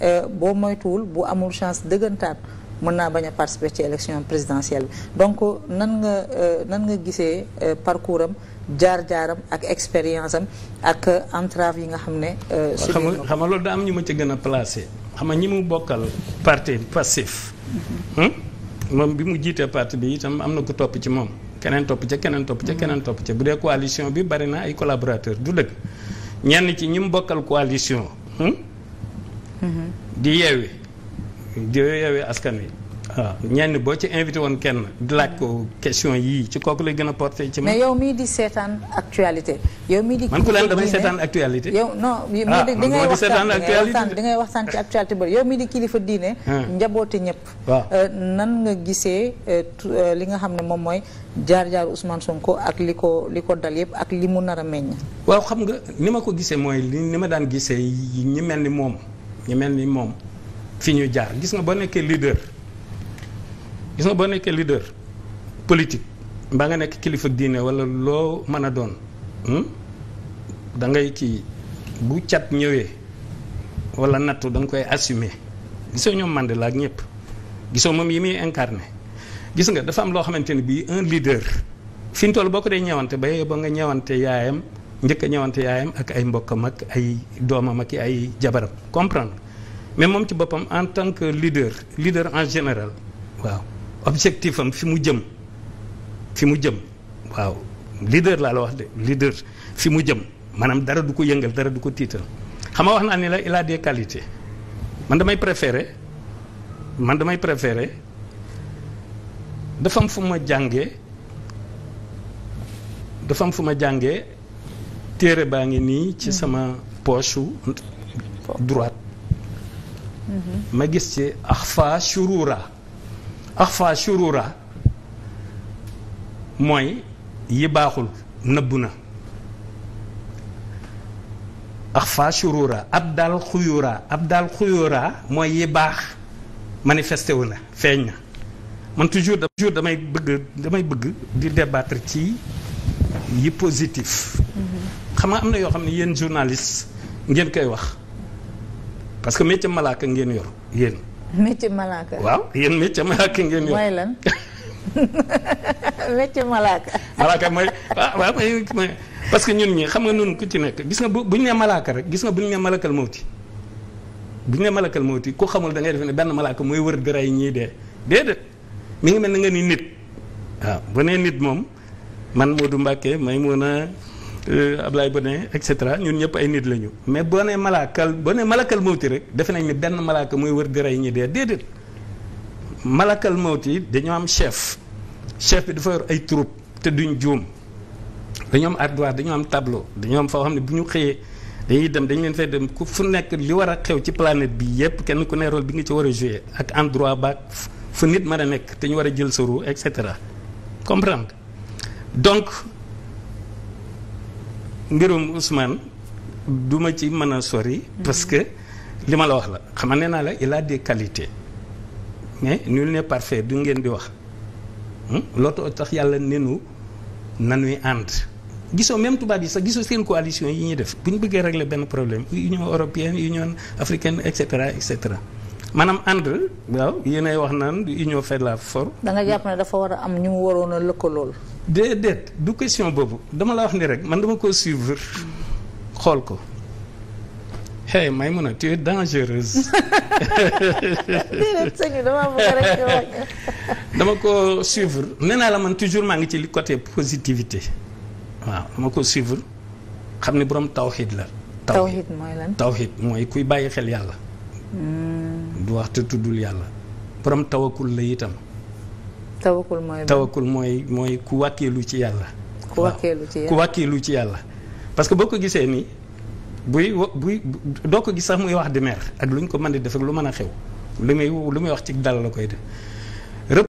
Euh, boo moytuwul bu amul chance dëggantaan mën naa bañ a participer ci élection présidentielle bi donc nan nga euh, nan nga gisee euh, parcours am jaar-jaaram ak expérience am ak entrave yi nga xam ne. xam nga xam nga loolu daa ñu ma ca gën a placé xam nga ñi mu bokkal parti passif. Mhm. Hmm? moom bi mu jiitee parti bi itam am na ku topp ci moom keneen topp ci keneen topp ca mhm. keneen topp ca bu dee coalition bi bari na ay collaborateurs du dëkk ñenn ci ñi mu bokkal coalition. Hmm? di yeewi di yeewi askan wi ah. waaw ñenn boo ci invité woon kenn di laaj ko question yii ci kooku lay gën a porté ci man. mais yow mii di seetaan actualité. yow mii di man ku leen damay seetaan actualité. yow non mais da ngay waxtaan da ngay waxtaan ci actualité boobu yow mii di kilifa diine. Ah. njabooti ñëpp. Euh, nan nga gisee euh, euh, li nga xam ne moom mooy jaar-jaar Ousmane Sonko ak li ko li ko dal yëpp ak li mu nar a meññ. waaw xam nga ni ma ko gisee mooy li ni ma daan gisee ñi mel ni moom. ñu mel ni moom fi ñu jaar gis nga boo nekkee leader gis nga boo nekkee leader politique mbaa nga nekk kilifa diine wala loo mën a doon hmm? da ngay kii bu cat ñëwee walla nattu da nga koy assumer gisoo ñoom Mandela ak ñëpp gisoo moom yi muy incarné gis nga dafa am loo xamante ni bii un leader fi mu toll boo ko dee ñeewante ba ba nga ñeewante yaayam. njëkk a yaayam ak ay mbokkam ak ay doomam ak ay jabaram comprendre mais moom ci boppam en tant que leader leader en général waaw objectif am fi mu jëm fi mu jëm waaw leader laa la wax de leader fi mu jëm maanaam dara du ko yëngal dara du ko tiital xam nga wax naa ni la il a des man damay préféré man damay préféré dafa am fu ma jàngee dafa fu ma jàngee téere baa ngi nii ci mhm. sama poche droite mhm. ma gis ci axfa shurura axfa shurura mooy yi baaxul nëbbu na axfa shurura ab dal xuyura ab dal xuyura mooy yi baax manifesté wu na feeñ na man toujours toujours damay bëgg damay bëgg di débattre ci yi positif xam nga am na yoo xam ne yéen journaliste ngeen koy wax parce que métier malaaka ngeen yor yéen. métier malaaka. waaw yéen métier malaaka ngeen yor. mooy lan métier malaaka. mooy ah, waaw parce que ñun ñi xam nga noonu ku ci nekk gis nga bu buñ nee malaaka rek gis nga buñ nee malakal mawti buñ nee ku xamul dangay ngay def ne benn malaaka mooy wër dara yi ñuy dee déedéet mi ngi mel na nga ni nit waaw bu nee nit moom man Modou Mbacke may mun a. Euh, Ablaye Bone et cetera ñun ñëpp ay nit lañu mais boo nee malaakal boo nee malakal mawti rek defe nañ ni benn malaaka muy wër di rey ñi dee déedéet malakal mawti dañoo am chef chef bi dafa yor ay troupe te duñ juum dañoo am ardoise dañoo am tableau dañoo am foo xam ne bu ñu xëyee dañuy dem dañ leen fay dem ku fu nekk li war a xew ci planète bi yépp kenn ku ne rôle bi nga ci war a jouer ak endroit ba fu nit mën a nekk te ñu war a jël sa roue et cetera comprendre donc. mbirum Ousmane duma ma ci mën a sori. parce que li ma la wax la xam nga nee naa la il a des qualités mais nul ne parfait du ngeen bi wax hmm? loolu tax yàlla nenu nanuy ànd. gisoo même tubaab yi sax gisoo seen coalition yi ñuy def bu ñu bëggee régler benn problème union européenne union africaine et cetera et cetera. maanaam ànd waaw yéenay wax naan union fait la for da jàpp ne dafa war a am ñu mu waroon a lëkkalool. déedéet du question boobu dama la wax ni rek man dama ko suivre xool ko. hey Maïmouna tu es dangereuse. dama ko suivre nee la man toujours maa ngi ci li côté positivité waaw dama ko suivre xam ne borom tawxiid la. tawxiid mooy lan tawxiid mooy kuy bàyyi xel yàlla. Hmm. du wax te tuddul yàlla borom tawakul la itam. tawakul mooy tawakul mooy mooy ku wàkkeelu ci yàlla. ku wàkkeelu ci yàlla ku ci yàlla. parce que boo ko gisee nii buy buy doo ko gis sax muy wax di mer ak lu ñu ko mën di def lu mën a xew lu muy lu muy wax ci dal la koy def.